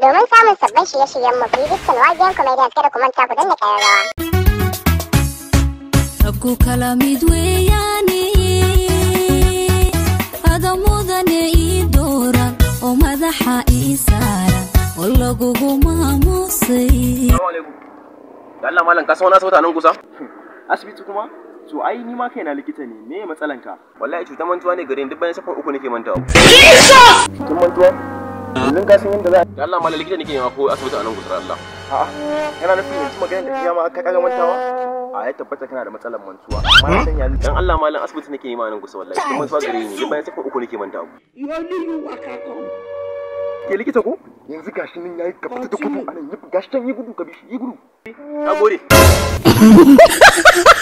Domin samun sabbin shirye-shiryen mu ku yi biskin Wardiyan Comedians kada ku manta ku danna ƙararrawa. Ako kala da Ada mudane idora o madaxa isara o lagugu maamusay Allah malam ka sauna sauta nan kusa asibiti kuma to ai ni ma na likita ne me matsalanka wallahi cutar mantuwa ne gare ni duk bayan sakon uku nake mantawa Jesus cutar mantuwa Kullum ka san yadda za a Allah mala likita nake nema ko asibiti a nan gusar Allah. A'a yana nufin yanzu maganar da kiyama ka kaga mantawa? A ya tabbata kana da matsalar mantuwa. Mala hmm? san yanzu dan Allah malam asibiti nake yi a nan gusar wallahi. Kuma mantuwa gare ni bayan sakon uku nake mantawa. You only you Ke likita ko? Yanzu gashi nan yayi ka fita da gudu anan yi gashi can yi gudu ka bi shi yi gudu. Na gode.